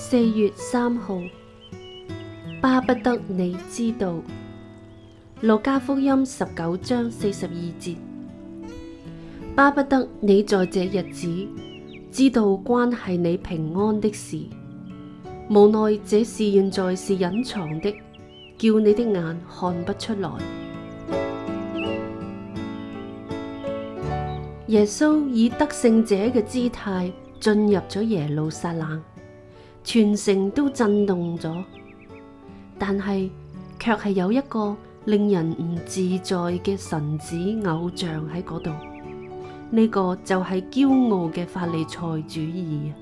四月三號，巴不得你知道《路加福音》十九章四十二節，巴不得你在這日子知道關係你平安的事，無奈這事現在是隱藏的，叫你的眼看不出來。耶穌以得勝者嘅姿態進入咗耶路撒冷。全城都震動咗，但係卻係有一個令人唔自在嘅神子偶像喺嗰度。呢、這個就係驕傲嘅法利賽主義。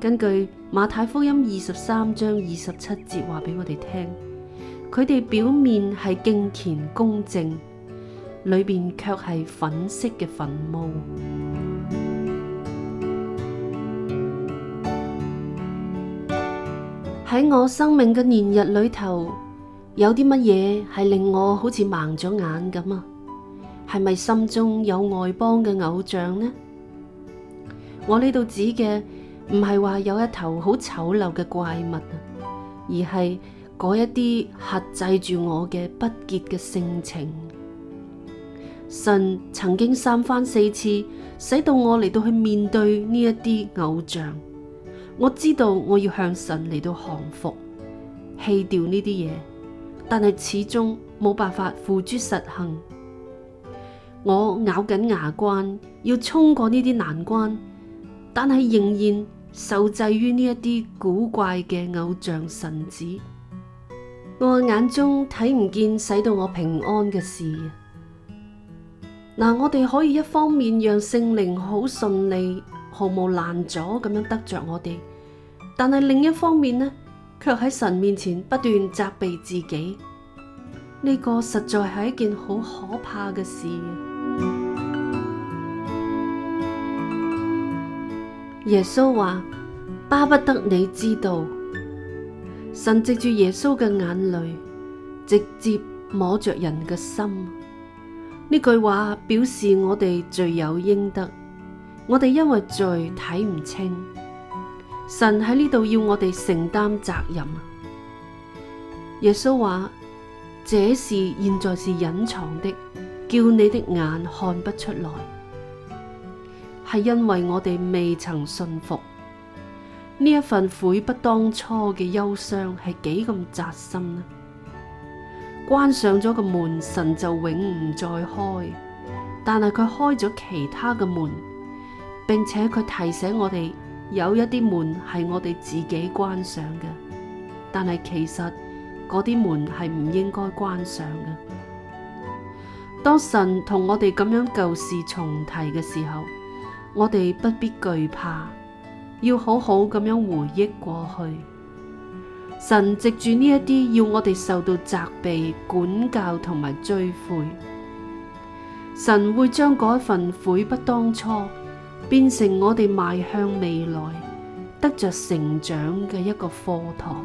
根據馬太福音二十三章二十七節話俾我哋聽，佢哋表面係敬虔公正，裏邊卻係粉飾嘅墳墓。喺我生命嘅年日裏頭，有啲乜嘢係令我好似盲咗眼咁啊？係咪心中有外邦嘅偶像呢？我呢度指嘅唔係話有一頭好醜陋嘅怪物啊，而係嗰一啲克制住我嘅不潔嘅性情。神曾經三番四次，使到我嚟到去面對呢一啲偶像。我知道我要向神嚟到降服，棄掉呢啲嘢，但係始終冇辦法付諸實行。我咬緊牙關要衝過呢啲難關，但係仍然受制於呢一啲古怪嘅偶像神旨。我眼中睇唔見使到我平安嘅事。嗱，我哋可以一方面讓聖靈好順利。毫無爛咗咁樣得着我哋，但係另一方面呢，卻喺神面前不斷責備自己，呢個實在係一件好可怕嘅事。耶穌話：巴不得你知道，神藉住耶穌嘅眼淚，直接摸着人嘅心。呢句話表示我哋罪有應得。我哋因為罪睇唔清，神喺呢度要我哋承擔責任。耶穌話：這事現在是隱藏的，叫你的眼看不出來，係因為我哋未曾信服。呢一份悔不當初嘅憂傷係幾咁扎心呢？關上咗個門，神就永唔再開，但係佢開咗其他嘅門。並且佢提醒我哋有一啲門係我哋自己關上嘅，但係其實嗰啲門係唔應該關上嘅。當神同我哋咁樣舊事重提嘅時候，我哋不必懼怕，要好好咁樣回憶過去。神藉住呢一啲要我哋受到責備、管教同埋追悔，神會將嗰一份悔不當初。變成我哋邁向未來，得着成長嘅一個課堂。